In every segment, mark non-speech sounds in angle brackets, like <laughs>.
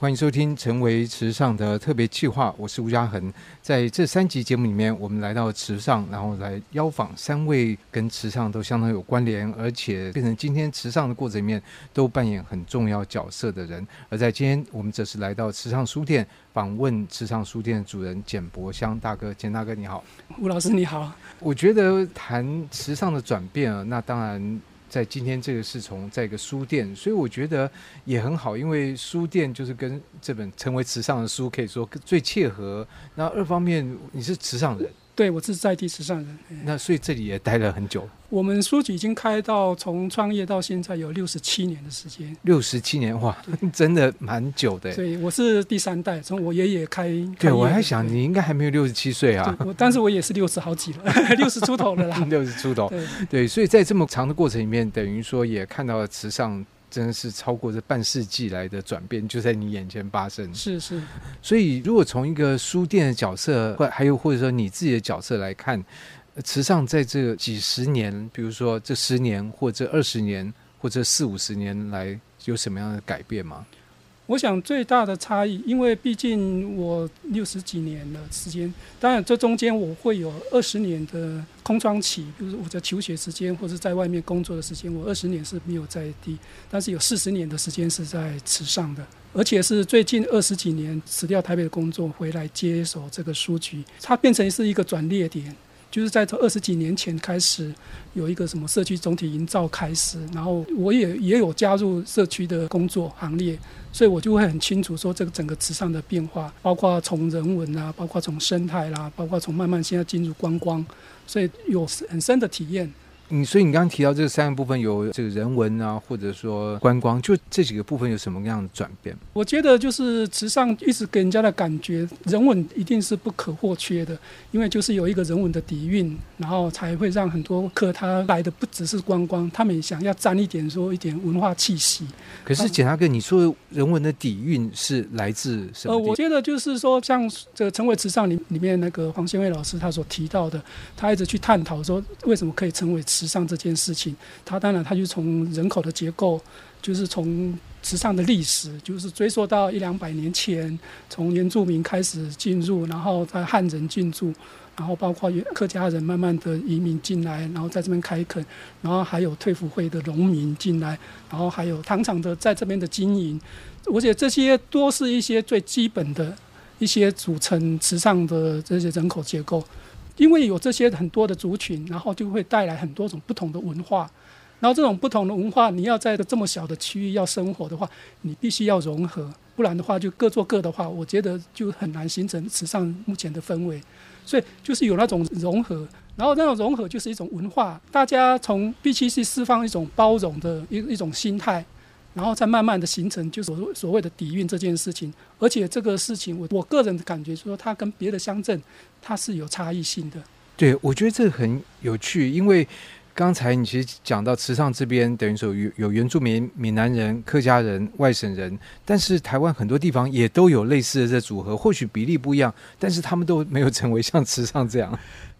歡迎收聽《成為池上的特別企劃》，我是吳家恆。在這三集節目裡面，我們來到池上，然後來邀訪三位跟池上都相當有關聯，而且變成今天池上的過程裡面都扮演很重要角色的人。而在今天，我們則是來到池上書店，訪問池上書店的主人簡博襄大哥。簡大哥你好，吳老師你好。我覺得談池上的轉變啊，那當然。在今天這個是從在一個書店，所以我覺得也很好，因為書店就是跟這本成為池上的書可以說最切合。那二方面，你是池上人。對，我是在地池上人。那所以這裡也待了很久。嗯、我們書局已經開到從創業到現在有六十七年的時間。六十七年哇，真的蠻久的。對，我是第三代，從我爺爺開。對，我還想，你應該還沒有六十七歲啊。我，但是我也是六十好幾了，六 <laughs> 十 <laughs> 出頭了啦。六 <laughs> 十出頭對，對，所以在這麼長的過程裡面，等於說也看到了池上。真的是超過這半世紀來的轉變，就在你眼前發生。是是，所以如果從一個書店的角色，或還有或者說你自己的角色來看，呃，池上在這幾十年，比如說這十年，或者這二十年，或者四五十年來，有什麼樣的改變嗎？我想最大的差異，因為畢竟我六十幾年的時間，當然這中間我會有二十年的空窗期，比如說我在求學時間或是在外面工作的時間，我二十年是沒有在地，但是有四十年的時間是在池上的，而且是最近二十幾年辭掉台北的工作回來接手這個書局，它變成是一個轉捩點。就是在這二十幾年前開始有一個什麼社區總體營造開始，然後我也也有加入社區的工作行列，所以我就會很清楚說這個整個池上的變化，包括從人文啦、啊，包括從生態啦、啊，包括從慢慢現在進入觀光，所以有很深的體驗。你所以你剛剛提到這三個部分，有這個人文啊，或者說觀光，就這幾個部分有什麼樣的轉變？我覺得就是池上一直給人家的感覺，人文一定是不可或缺的，因為就是有一個人文的底蘊，然後才會讓很多客他來的不只是觀光，他們想要沾一點說一點文化氣息。可是簡大哥，你說人文的底蘊是來自什麼？呃，我覺得就是說像這個成為池上裡裡面那個黃宣衛老師他所提到的，他一直去探討說，為什麼可以成為池上這件事情，它當然它就從人口的結構，就是從池上的歷史，就是追溯到一兩百年前，從原住民開始進入，然後在漢人進駐，然後包括客家人慢慢的移民進來，然後在這邊開墾，然後還有退輔會的農民進來，然後還有糖廠的在這邊的經營，我覺得這些都是一些最基本的一些組成池上的這些人口結構。因為有這些很多的族群，然後就會帶來很多種不同的文化，然後這種不同的文化，你要在這麼小的區域要生活的話，你必須要融合，不然的話就各做各的話，我覺得就很難形成池上目前的氛圍，所以就是有那種融合，然後那種融合就是一種文化，大家從必須去釋放一種包容的一一種心態。然後再慢慢的形成，就是所謂的底蘊這件事情。而且這個事情，我我個人的感覺，就說它跟別的鄉鎮，它是有差異性的。對，我覺得這很有趣，因為剛才你其實講到池上這邊，等於說有有原住民、閩南人、客家人、外省人，但是台灣很多地方也都有類似的這組合，或許比例不一樣，但是他們都沒有成為像池上這樣。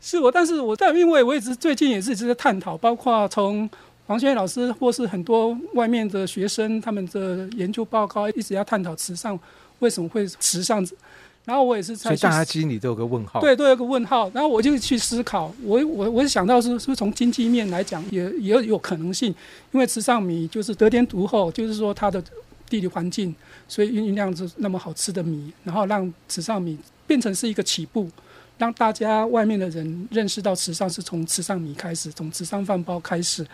是我，但是我在因為我也一直最近也是一直在探討，包括從。黃宣衛老師，或是很多外面的學生，他們的研究報告一直要探討池上為什麼會池上。然後我也是在，大家心裡都有個問號。對，都有個問號。然後我就去思考我，我我我想到是是不是從經濟面來講也也有，有可能性，因為池上米就是得天獨厚，就是說它的地理環境，所以運運量是那麼好吃的米，然後讓池上米變成是一個起步，讓大家外面的人認識到池上是從池上米開始，從池上飯包開始。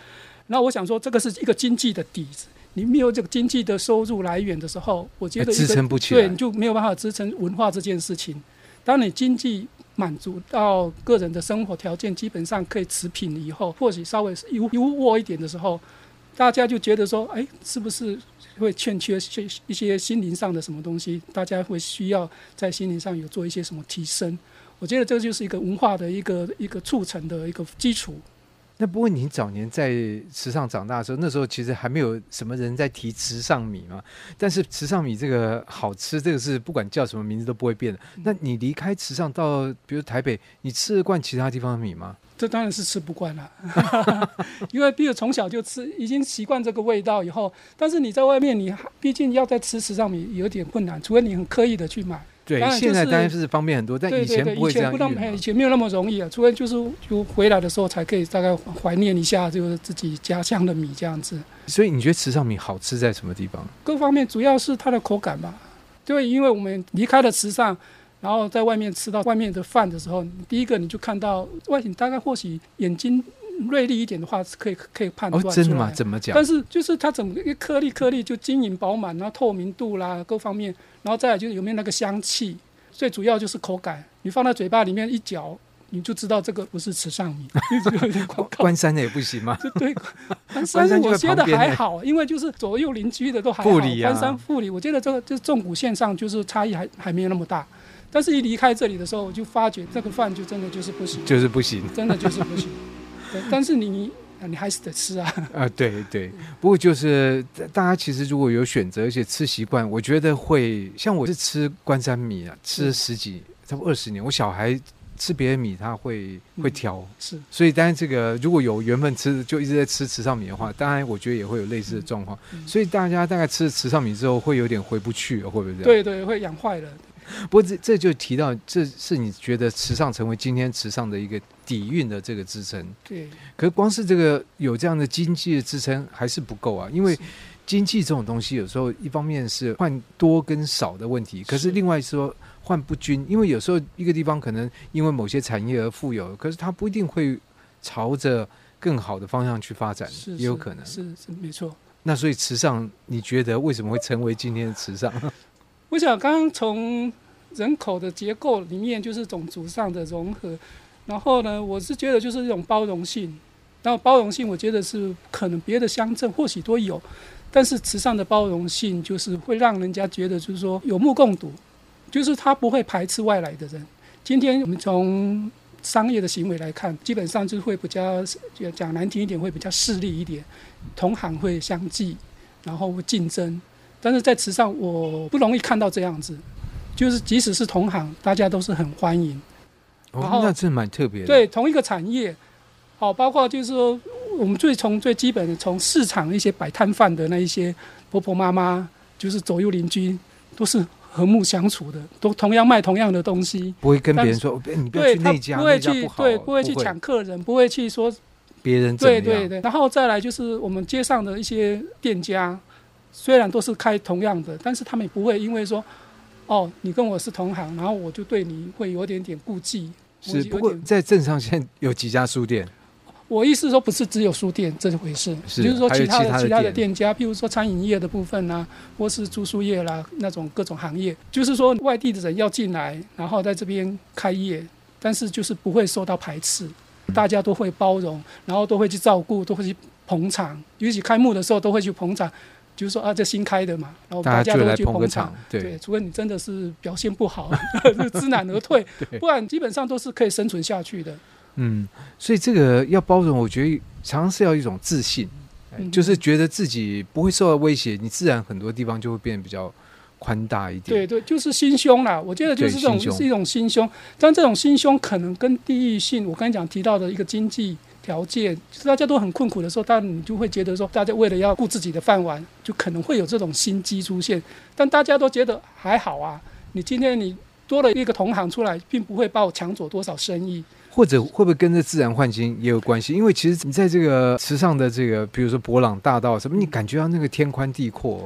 那我想說，這個是一個經濟的底子。你沒有這個經濟的收入來源的時候，我覺得支撐不起來，對，你就沒有辦法支撐文化這件事情。當你經濟滿足到個人的生活條件基本上可以持平以後，或許稍微是優優渥一點的時候，大家就覺得說，哎，是不是會欠缺一些一些心靈上的什麼東西？大家會需要在心靈上有做一些什麼提升？我覺得這就是一個文化的一個一個促成的一個基礎。那不過你早年在池上長大的時候，那時候其實還沒有什麼人在提池上米嘛。但是池上米這個好吃，這個是不管叫什麼名字都不會變的。嗯。那你離開池上到比如台北，你吃得慣其他地方的米嗎？這當然是吃不慣了， <laughs> 因為畢竟從小就吃，已經習慣這個味道以後。但是你在外面，你畢竟要再吃池上米有點困難，除非你很刻意的去買。對、就是，現在當然是方便很多，但以前對對對，不會這樣，以前不以前沒有那麼容易啊，除非就是就回來的時候才可以大概懷念一下，就是自己家鄉的米這樣子。所以你覺得池上米好吃在什麼地方？各方面主要是它的口感吧。對，因為我們離開了池上，然後在外面吃到外面的飯的時候，你第一個你就看到外形，大概或許眼睛。銳利一點的話，可以可以判斷出來。哦，真的嗎？怎麼講？但是就是它整個顆粒顆粒就晶瑩飽滿，然後透明度啦各方面，然後再來就是有沒有那個香氣。最主要就是口感，你放在嘴巴裡面一嚼，你就知道這個不是池上米。 <laughs> <laughs> 關山的也不行嗎？對，關山我覺得還好，因為就是左右鄰居的都還好。富里，啊，關山富里，我覺得這個就縱谷線上就是差異還還沒有那麼大。但是一離開這裡的時候，我就發覺這個飯就真的就是不行。就是不行，真的就是不行。 <laughs> 但是你你，你還是得吃啊！啊、呃，對對，不過就是大家其實如果有選擇，而且吃習慣，我覺得會像我是吃關山米啊，吃十幾，差不多二十年。我小孩吃別的米，他會會挑。嗯，是。所以當然這個如果有緣分吃，就一直在吃池上米的話，嗯，當然我覺得也會有類似的狀況。嗯嗯。所以大家大概吃池上米之後，會有點回不去了，嗯，會不會這樣？對對，會養壞了。不過這這就提到，這是你覺得池上成為今天池上的一個底蘊的這個支撐。對，可是光是這個有這樣的經濟的支撐還是不夠啊，因為經濟這種東西有時候一方面是換多跟少的問題，可是另外說換不均，因為有時候一個地方可能因為某些產業而富有，可是它不一定會朝着更好的方向去發展，也有可能。是是沒錯。那所以池上，你覺得為什麼會成為今天的池上？我想剛剛從人口的結構裡面，就是種族上的融合，然後呢，我是覺得就是一種包容性，然後包容性，我覺得是可能別的鄉鎮或許都有，但是池上的包容性就是會讓人家覺得就是說有目共睹，就是他不會排斥外來的人。今天我們從商業的行為來看，基本上就會比較講難聽一點，會比較勢利一點，同行會相忌，然後會競爭。但是在池上，我不容易看到這樣子，就是即使是同行，大家都是很歡迎。哦，那這蠻特別的。對，同一個產業，哦，包括就是說，我們最從最基本的從市場一些擺攤販的那一些婆婆媽媽，就是左右鄰居，都是和睦相處的，都同樣賣同樣的東西，不會跟別人說，你不要去那家，比較不好，不會去搶客人，不會去說別人。對對對，然後再來就是我們街上的一些店家。雖然都是開同樣的，但是他們不會因為說，哦，你跟我是同行，然後我就對你會有點點顧忌。是，我不過在鎮上現有幾家書店。我意思說不是只有書店這一回事是就是說其他的其他的、其他的店家，譬如說餐飲業的部分啊，或是租書業啦、啊，那種各種行業，就是說外地的人要進來，然後在這邊開業，但是就是不會受到排斥，嗯、大家都會包容，然後都會去照顧，都會去捧場，尤其開幕的時候都會去捧場。就是說啊，這新開的嘛，然後大家都去捧場大家就來捧個場對，對。除非你真的是表現不好，就知難而退， <laughs> 不然基本上都是可以生存下去的。嗯，所以這個要包容，我覺得常常是要一種自信，嗯、就是覺得自己不會受到威脅，你自然很多地方就會變得比較寬大一點。對對，就是心胸啦。我覺得就是這種是一種心胸，但這種心胸可能跟地域性，我剛才講提到的一個經濟。條件，就是、大家都很困苦的時候，但你就會覺得說，大家為了要顧自己的飯碗，就可能會有這種心機出現。但大家都覺得還好啊，你今天你多了一個同行出來，並不會把我搶走多少生意。或者會不會跟着自然環境也有關係？因為其實你在這個池上的這個，比如說伯朗大道什麼，你感覺到那個天寬地闊。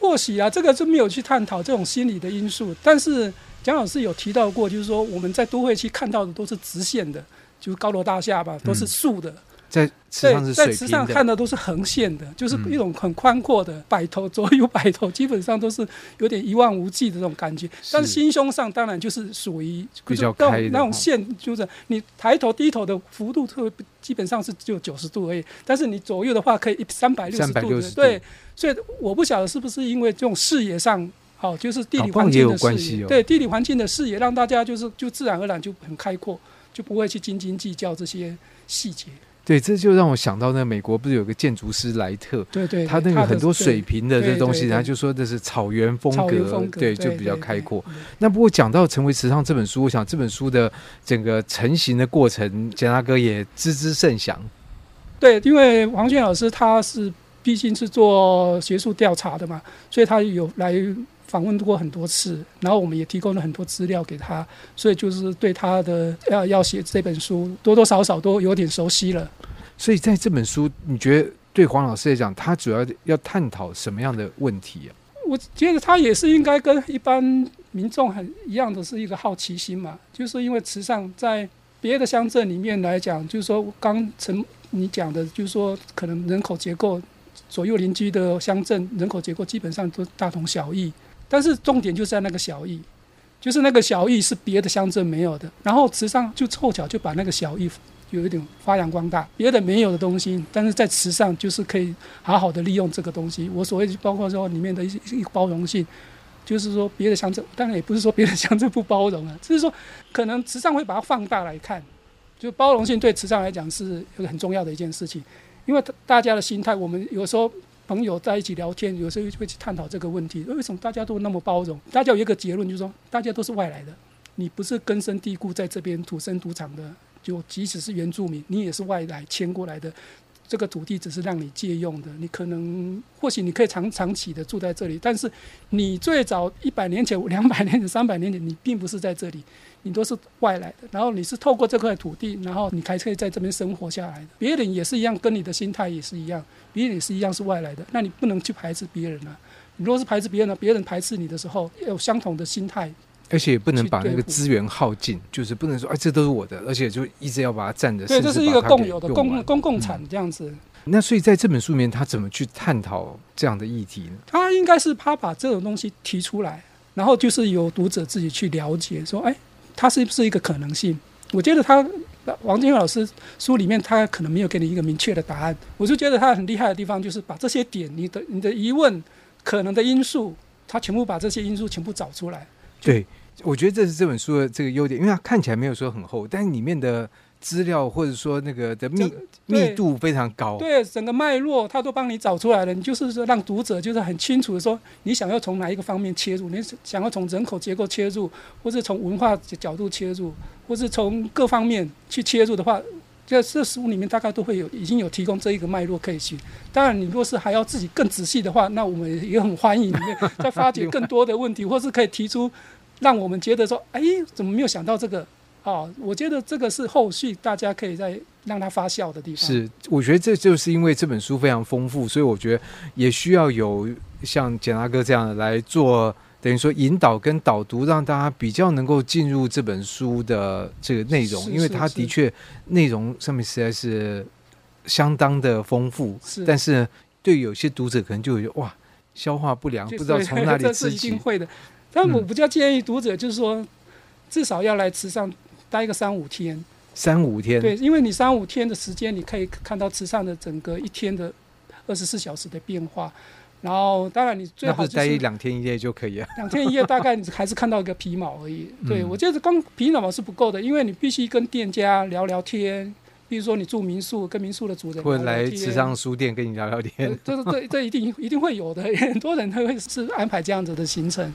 或許啊，這個就沒有去探討這種心理的因素。但是蔣老師有提到過，就是說我們在都會區看到的都是直線的。就是高樓大廈吧，都是豎的，在池上，在池上，上看的都是橫線的。嗯，就是一種很寬闊的擺頭，左右擺頭，基本上都是有點一望無際的這種感覺。但是心胸上當然就是屬於比較就那種那種線，就是你抬頭低頭的幅度，基本上是只有九十度而已。但是你左右的話，可以三百六十度。三百六十度。對，所以我不曉得是不是因為這種視野上，好，哦，就是地理環境的視野，關係哦，對地理環境的視野，讓大家就是就自然而然就很開闊。就不會去斤斤計較這些細節。對，這就讓我想到那美國不是有個建築師萊特？對，對對，他那個很多水平的這東西，然後就說這是草原，草原風格，對，就比較開闊。對對對對，那不過講到《成為池上》這本書對對對，我想這本書的整個成型的過程，簡、嗯、大哥也知之甚詳。對，因為黃宣老師他是畢竟是做學術調查的嘛，所以他有來。訪問過很多次，然後我們也提供了很多資料給他，所以就是對他的要要寫這本書，多多少少都有點熟悉了。所以在這本書，你覺得對黃老師來講，他主要要探討什麼樣的問題啊？我覺得他也是應該跟一般民眾很一樣的是一個好奇心嘛，就是因為池上在別的鄉鎮裡面來講，就是說，剛才你講的，就是說可能人口結構左右鄰居的鄉鎮人口結構基本上都大同小異。但是重點就是在那個小異，就是那個小異是別的鄉鎮沒有的，然後池上就湊巧就把那個小異有一點發揚光大，別的沒有的東西，但是在池上就是可以好好的利用這個東西。我所謂包括說裡面的一些包容性，就是說別的鄉鎮當然也不是說別的鄉鎮不包容啊，只是說可能池上會把它放大來看，就包容性對池上來講是有個很重要的一件事情，因為大家的心態，我們有時候。朋友在一起聊天，有時候會去探討這個問題：為什麼大家都那麼包容？大家有一個結論，就是說，大家都是外來的，你不是根深蒂固在這邊土生土長的，就即使是原住民，你也是外來遷過來的。這個土地只是讓你借用的，你可能或許你可以長長期的住在這裡，但是你最早一百年前，兩百年前，三百年前，你並不是在這裡，你都是外來的。然後你是透過這塊土地，然後你才可以在這邊生活下來的。別人也是一樣，跟你的心態也是一樣，別人也是一樣是外來的。那你不能去排斥別人啊！你若是排斥別人呢，別人排斥你的時候，有相同的心態。而且也不能把那個資源耗盡，就是不能說哎，這都是我的，而且就一直要把它佔着。對，這是一個共有的公、公共、共、共產這樣子。嗯。那所以在這本書裡面，他怎麼去探討這樣的議題呢？他應該是他把這種東西提出來，然後就是由讀者自己去了解說，說哎，它是不是一個可能性？我覺得他王金軍老師書裡面他可能沒有給你一個明確的答案，我就覺得他很厲害的地方就是把這些點，你的你的疑問、可能的因素，他全部把這些因素全部找出來。對。我覺得這是這本書的這個優點，因為它看起來沒有說很厚，但裡面的資料或者說那個的密密度非常高。對，整個脈絡它都幫你找出來了。你就是說讓讀者就是很清楚的說，你想要從哪一個方面切入，你想要從人口結構切入，或是從文化角度切入，或是從各方面去切入的話，這這書裡面大概都會有已經有提供這一個脈絡可以去。當然，你若是還要自己更仔細的話，那我們也很歡迎你再發掘更多的問題， <laughs> 或是可以提出。讓我們覺得說，哎，怎麼沒有想到這個？哦，我覺得這個是後續大家可以再讓它發酵的地方。是，我覺得這就是因為這本書非常豐富，所以我覺得也需要有像簡大哥這樣的來做，等於說引導跟導讀，讓大家比較能夠進入這本書的這個內容，因為他的確內容上面實在是相當的豐富。是，但是對有些讀者可能就說，哇，消化不良，不知道從哪裡吃起。會的。但我比較建議讀者，就是說、嗯，至少要來池上待個三五天。三五天。對，因為你三五天的時間，你可以看到池上的整個一天的二十四小時的變化。然後，當然你最好、就是、是待一兩天一夜就可以了、啊。兩天一夜大概你還是看到一個皮毛而已。嗯、對，我覺得光皮毛是不夠的，因為你必須跟店家聊聊天。比如說你住民宿，跟民宿的主人聊聊天，會來池上書店跟你聊聊天。這、就是這這一定一定會有的，很多人他會是安排這樣子的行程。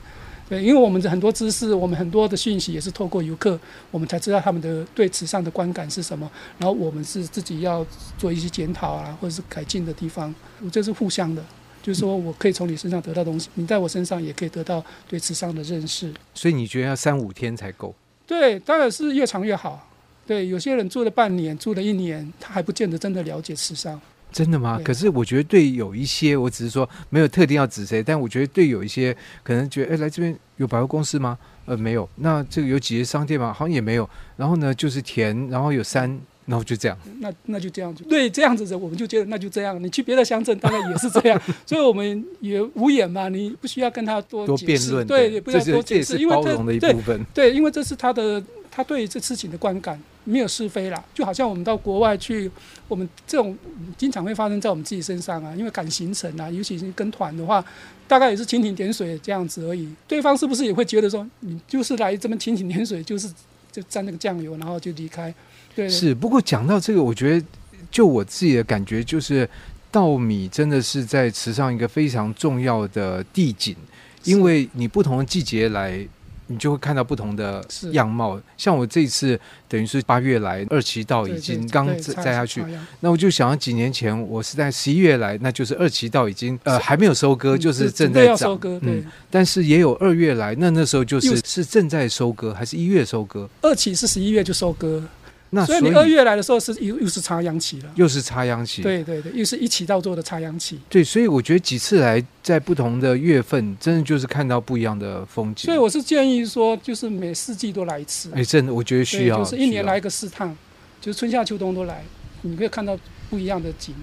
對，因為我們的很多知識，我們很多的信息，也是透過遊客，我們才知道他們的對池上的觀感是什麼。然後我們是自己要做一些檢討啊，或者是改進的地方，這是互相的。就是說我可以從你身上得到東西，你在我身上也可以得到對池上的認識。所以你覺得要三五天才夠？對，當然是越長越好。對，有些人住了半年，住了一年，他還不見得真的了解池上。真的嗎、啊？可是我覺得對有一些，我只是說沒有特定要指誰，但我覺得對有一些可能覺得，哎、欸，來這邊有百貨公司嗎？呃，沒有。那這個有幾間商店嗎？好像也沒有。然後呢，就是田，然後有山，然後就這樣。那那就這樣子，對，這樣子的我們就覺得那就這樣。你去別的鄉鎮大概也是這樣， <laughs> 所以我們也無言嘛，你不需要跟他多多辯論，對，也不要多解釋，因為這是包容的一部分。對，因為這是他的。他對這事情的觀感沒有是非啦，就好像我們到國外去，我們這種經常會發生在我們自己身上啊，因為趕行程啊，尤其是跟團的話，大概也是蜻蜓點水這樣子而已。對方是不是也會覺得說，你就是來這麼蜻蜓點水，就是就沾那個醬油，然後就離開？對。是，不過講到這個，我覺得就我自己的感覺，就是稻米真的是在池上一個非常重要的地景，因為你不同的季節來。你就會看到不同的樣貌，像我這一次等於是八月來二期稻已經剛栽下去，那我就想要幾年前我是在十一月來，那就是二期稻已經呃還沒有收割，嗯、就是正在長收割對，嗯，但是也有二月來，那那時候就是是,是正在收割還是一月收割？二期是十一月就收割。嗯那所以，所以你二月來的時候是又又是插秧期了，又是插秧期，對對對，又是一起到做的插秧期。對，所以我覺得幾次來，在不同的月份，真的就是看到不一樣的風景。所以我是建議說，就是每四季都來一次。哎、欸，真的，我覺得需要，就是一年來一個四趟，就是春夏秋冬都來，你可以看到不一樣的景。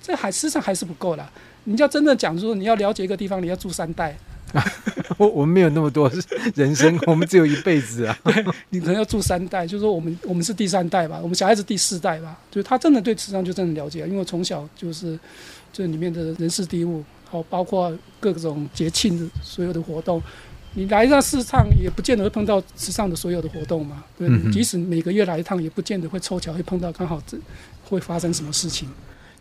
這還事實際上還是不夠了，你要真正講說，你要了解一個地方，你要住三代。 <laughs> 我我們沒有那麼多人生， <laughs> 我們只有一輩子啊。對，你可能要住三代，就是說我們我們是第三代吧，我們小孩子第四代吧。就是他真的對池上就真的了解，因為從小就是這裡面的人事地物，好包括各種節慶的所有的活動。你來一趟池上，也不見得會碰到池上的所有的活動嘛。對，嗯、即使每個月來一趟，也不見得會湊巧會碰到剛好這會發生什麼事情。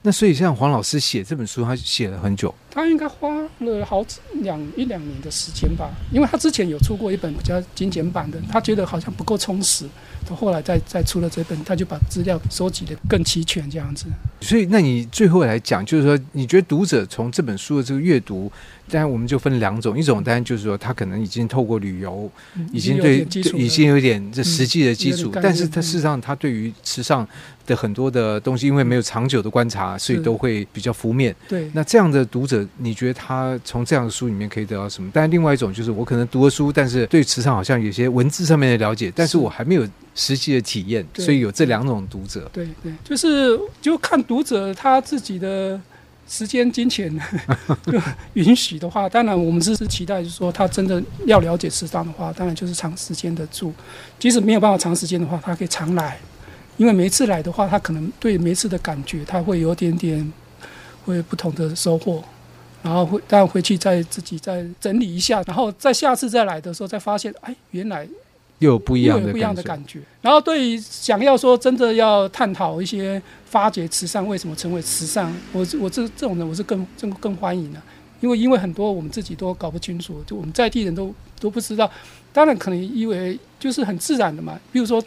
那所以像黃老師寫這本書，他寫了很久，他應該花了好兩一兩年的時間吧，因為他之前有出過一本比較精簡版的，他覺得好像不夠充實，他後來再再出了這本，他就把資料收集得更齊全這樣子。所以，那你最後來講，就是說，你覺得讀者從這本書的這個閱讀？但我們就分兩種，一種當然就是說他可能已經透過旅遊，已經對、嗯、已經有點這實、嗯、實際的基礎，但是他事實上、嗯、他對於池上的很多的東西、嗯，因為沒有長久的觀察，所以都會比較浮面。對，那這樣的讀者，你覺得他從這樣的書裡面可以得到什麼？但另外一種就是我可能讀了書，但是對池上好像有些文字上面的了解，但是我還沒有實際的體驗，所以有這兩種讀者。對對，就是就看讀者他自己的。時間、金錢就允許的話，當然我們只是期待，就是說他真的要了解池上的話，當然就是長時間的住。即使沒有辦法長時間的話，他可以常來，因為每次來的話，他可能對每次的感覺，他會有點點會不同的收穫，然後回當回去再自己再整理一下，然後再下次再來的時候，再發現哎，原來。又有，不一樣有不一樣的感覺，然後對於想要說真的要探討一些發掘池上為什麼成為池上，我我這這種人我是更更更歡迎的，啊，因為因為很多我們自己都搞不清楚，就我們在地人都都不知道。當然可能因為就是很自然的嘛，比如說、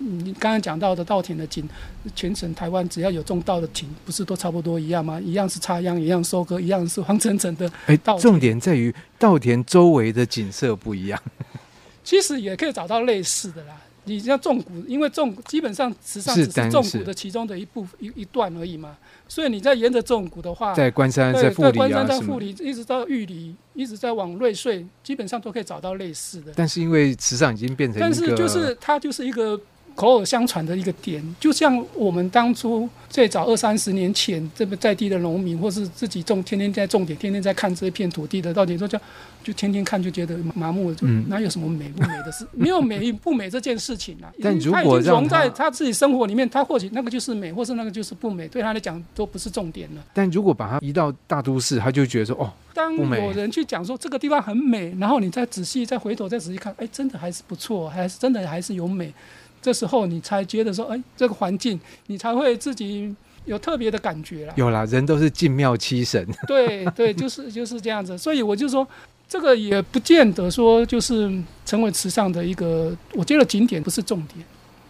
嗯、你剛剛講到的稻田的景，全省台灣只要有種稻的景，不是都差不多一樣嗎？一樣是插秧，一樣收割，一樣是黃澄澄的。哎，重點在於稻田周圍的景色不一樣。其實也可以找到類似的啦，你像縱谷，因為縱基本上池上只是縱谷的其中的一部分一一段而已嘛，所以你在沿着縱谷的話，在關山、在富里啊什麼的，一直到玉里，一直在往瑞穗，基本上都可以找到類似的。但是因為池上已經變成，但是就是它就是一個。口耳相傳的一個點，就像我們當初最早二三十年前，這個在地的農民或是自己種，天天在種田，天天在看這片土地的，到底說叫就，就天天看就覺得麻木了，就哪有什麼美不美的事，嗯、沒有美不美這件事情了、啊。但如果他，已經融在他自己生活裡面，他或許那個就是美，或是那個就是不美，對他來講都不是重點了。但如果把他移到大都市，他就覺得說哦，當有人去講說這個地方很美，然後你再仔細再回頭再仔細看，哎、欸，真的還是不錯，還是真的還是有美。這時候你才覺得說，哎，這個環境，你才會自己有特別的感覺了。有了，人都是近廟欺神。 <laughs> 對對，就是就是這樣子。所以我就說，這個也不見得說就是成為池上的一個。我覺得景點不是重點，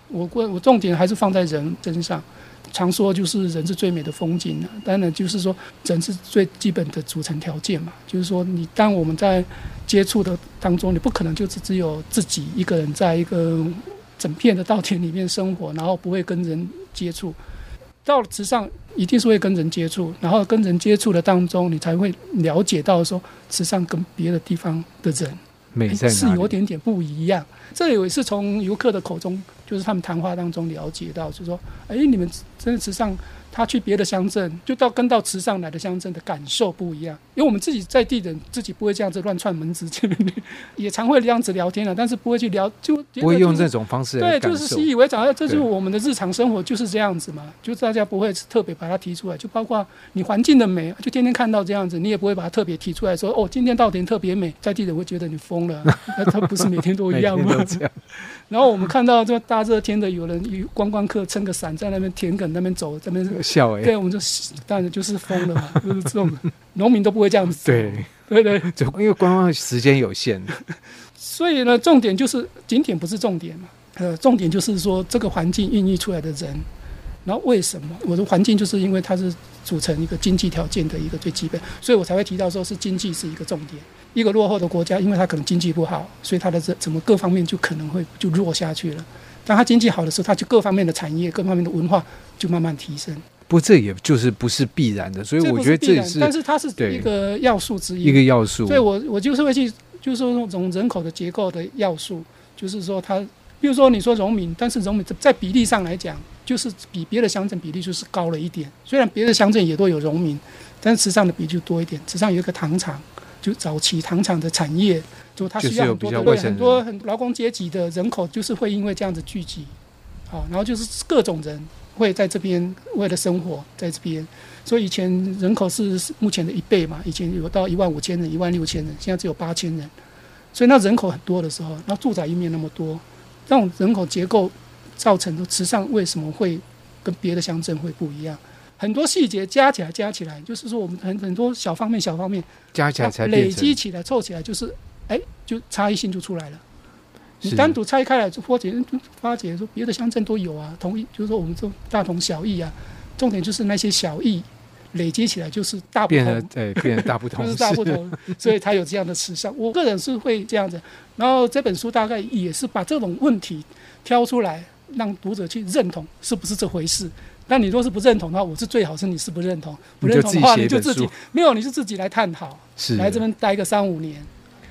我我我重點還是放在人身上。常說就是人是最美的風景啊，當然就是說，人是最基本的組成條件嘛。就是說，你當我們在接觸的當中，你不可能就只只有自己一個人在一個。整片的稻田裡面生活，然後不會跟人接觸。到了池上，一定是會跟人接觸，然後跟人接觸的當中，你才會了解到說，池上跟別的地方的人、欸、是有點點不一樣。這也是從遊客的口中，就是他們談話當中了解到，就是、說：“哎、欸，你們真的池上。”他去別的鄉鎮，就到跟到池上來的鄉鎮的感受不一樣，因為我們自己在地的，自己不會這樣子亂串門子見也常會這樣子聊天了、啊，但是不會去聊，就不會用，、就是、用這種方式。對，就是習以為常，這就是我們的日常生活就是這樣子嘛，就大家不會特別把它提出來。就包括你環境的美，就天天看到這樣子，你也不會把它特別提出來說哦，今天稻田特別美，在地人會覺得你瘋了、啊，那、 <laughs> 啊、它不是每天都一樣嗎？ <laughs> 然後我們看到這大熱天的，有人有觀光客撐個傘在那邊田埂那邊走，在那邊笑誒，對，我們就當然就是瘋了嘛， <laughs> 就是這種農民都不會這樣子。 <laughs> 對，對對對，就因為觀望時間有限， <laughs> 所以呢，重點就是景點不是重點嘛，呃，重點就是說這個環境孕育出來的人，然後為什麼我的環境就是因為它是組成一個經濟條件的一個最基本，所以我才會提到說是經濟是一個重點。一個落後的國家，因為它可能經濟不好，所以它的怎麼各方面就可能會就弱下去了。當它經濟好的時候，它就各方面的產業、各方面的文化就慢慢提升。不，這也就是不是必然的，所以我覺得這也是。是但是它是一個要素之一，一個要素。對，我我就是會去，就是說，那種人口的結構的要素，就是說它，比如說你說農民，但是農民在比例上來講，就是比別的鄉鎮比例就是高了一點。雖然別的鄉鎮也都有農民，但是池上的比例就多一點。池上有一個糖廠。就早期糖廠的產業，就它需要很多、就是、的人對，對很多很勞工階級的人口，就是會因為這樣子聚集，好，然後就是各種人會在這邊為了生活在這邊，所以以前人口是目前的一倍嘛，以前有到一萬五千人、一萬六千人，現在只有八千人，所以那人口很多的時候，那住宅又沒那麼多，那種人口結構造成的，池上為什麼會跟別的鄉鎮會不一樣？很多細節加起來，加起來，就是說我們很很多小方面、小方面加起來、啊、累積起來、湊起來，起來就是哎，就差異性就出來了。你單獨拆開來就發覺，就發覺說別的鄉鎮都有啊，同意，就是說我們都大同小異啊。重點就是那些小異累積起來就是大不同。對、欸，變大不同。 <laughs> 就是大不同，所以他有這樣的指向。 <laughs> 我個人是會這樣子。然後這本書大概也是把這種問題挑出來，讓讀者去認同是不是這回事。那你若是不認同的話，我是最好是你是不認同，不認同的話你就自己，就自己沒有，你是自己來探討是，來這邊待個三五年，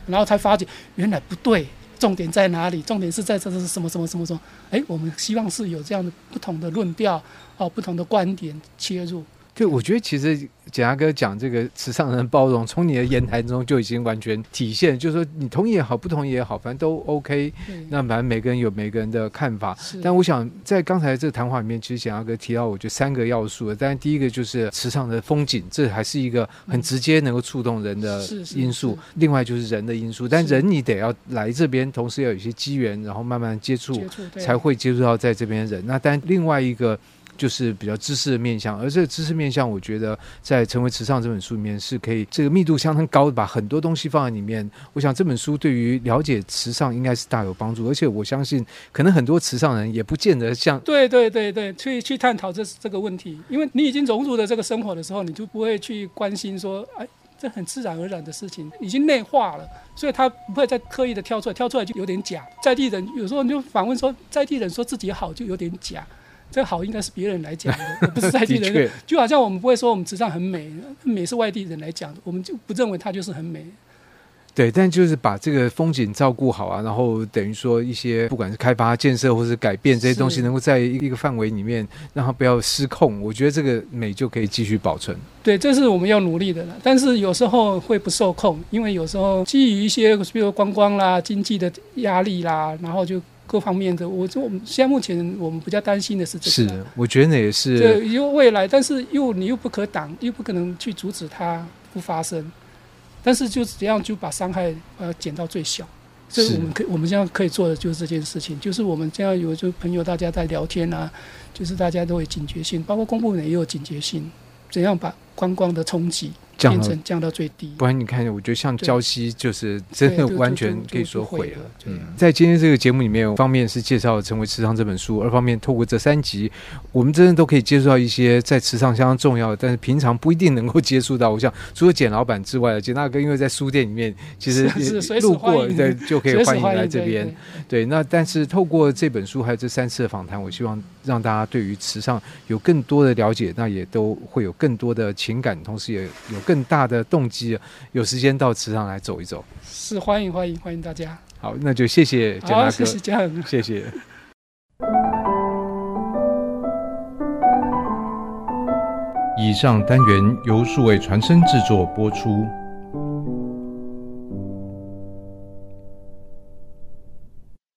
然後才發覺原來不對，重點在哪裡？重點是在這是什麽什麽什麽什麽？哎，我們希望是有這樣的不同的論調哦，不同的觀點切入。對，我覺得其實簡大哥講這個池上的人包容，從你的言談中就已經完全體現。 <laughs> 就是說你同意也好，不同意也好，反正都 OK。那反正每個人有每個人的看法。但我想在剛才這個談話裡面，其實簡大哥提到，我覺得三個要素。但第一個就是池上的風景，這還是一個很直接能夠觸動人的因素。嗯、另外就是人的因素，但人你得要來這邊，同時要有一些機緣，然後慢慢接觸，接觸，才會接觸到在這邊的人。那但另外一個。嗯就是比較知識的面向，而這個知識面向，我覺得在《成為池上》這本書裡面是可以，這個密度相當高，的。把很多東西放在裡面。我想這本書對於了解池上應該是大有幫助，而且我相信，可能很多池上人也不見得像。對對對對，去去探討這這個問題，因為你已經融入了這個生活的時候，你就不會去關心說，哎，這很自然而然的事情，已經內化了，所以他不會再刻意的跳出來，跳出來就有點假。在地人有時候你就反問說，在地人說自己好就有點假。這好應該是別人來講的不是在地人。 <laughs> 就好像我們不會說我們池上很美，美是外地人來講的，我們就不認為它就是很美。對，但就是把這個風景照顧好啊，然後等於說一些不管是開發建設或是改變這些東西，能夠在一個一個範圍裡面，讓它不要失控。我覺得這個美就可以繼續保存。對，這是我們要努力的了。但是有時候會不受控，因為有時候基於一些比如觀光啦、經濟的壓力啦，然後就。各方面的，我，我們現在目前我們比較擔心的是這個。是，我覺得那也是。對，因為未來，但是又你又不可擋，又不可能去阻止它不發生，但是就這樣就把傷害呃減到最小。所以，我們可以，我們可我們現在可以做的就是這件事情，就是我們現在有就朋友大家在聊天啊，就是大家都有警覺性，包括公務人員也有警覺性，怎樣把觀光，光的衝擊。降成降到最低，不然你看，我覺得像礁溪就是真的完全可以說毀了。啊、嗯，在今天這個節目裡面，一方面是介紹《成為池上》這本書，二方面透過這三集，我們真的都可以接觸到一些在池上相當重要的，但是平常不一定能夠接觸到。我想，除了簡老板之外，簡大哥因為在書店裡面，其實是路過，是是，對，就可以歡迎你來這邊，對對對。對，那但是透過這本書還有這三次的訪談，我希望讓大家對於池上有更多的了解，那也都會有更多的情感，同時也有。更大的動機，有時間到池上來走一走，是歡迎歡迎，歡迎大家。好，那就謝謝簡大哥，啊、謝謝家恆謝謝。 <music> 以上單元由數位傳聲制作播出。